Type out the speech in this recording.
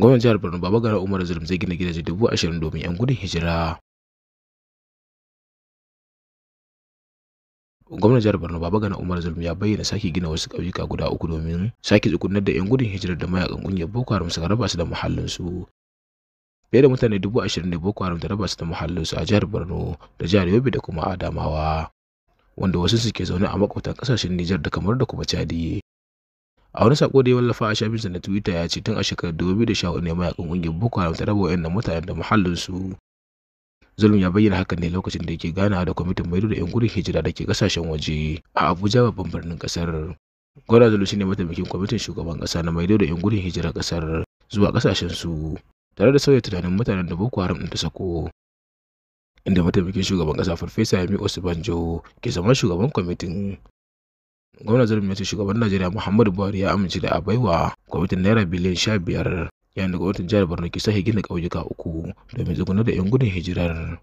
Gwamnan jihar Borno Babagana Umar Zulum zai gina gidaje dubu ashirin domin 'yan gudun hijira. Gwamnan jihar Borno Babagana Umar Zulum ya bayyana sake gina wasu ƙauyuka guda uku domin sake tsugunar da 'yan gudun hijirar da mayakan ƙungiyar Boko Haram suka raba su da muhallinsu. Fiye da mutane dubu ashirin ne Boko Haram da raba su da muhallinsu a jihar Borno da jihar Yobe da kuma Adamawa. Wanda wasu suke zaune a makwabtan ƙasashen Nijar da kamar da kuma Chadi. a wani sako da ya wallafa a shafinsa na twitter ya ce tun a shekarar 2014 ne mayakan ƙungiyar boko haram ta raba wa'annan mutanen da muhallinsu zulum ya bayyana hakan ne lokacin da yake ganawa da kwamitin maido da 'yan gudun hijira da ke kasashen waje a abuja babban birnin kasar gwada zulu shine mataimakin kwamitin shugaban kasa na maido da 'yan gudun hijira kasar zuwa kasashen su tare da sauya tunanin mutanen da boko haram ta sako inda mataimakin shugaban kasa farfesa yami osibanjo ke zama shugaban kwamitin Gwamnan Jalin ya shugaban Najeriya Muhammadu Buhari ya amince da a baiwa kwamitin Naira biliyan sha biyar yayin da gwamnatin jihar Borno ke sake gina ƙauyuka uku domin tsugunar da 'yan gudun hijirar.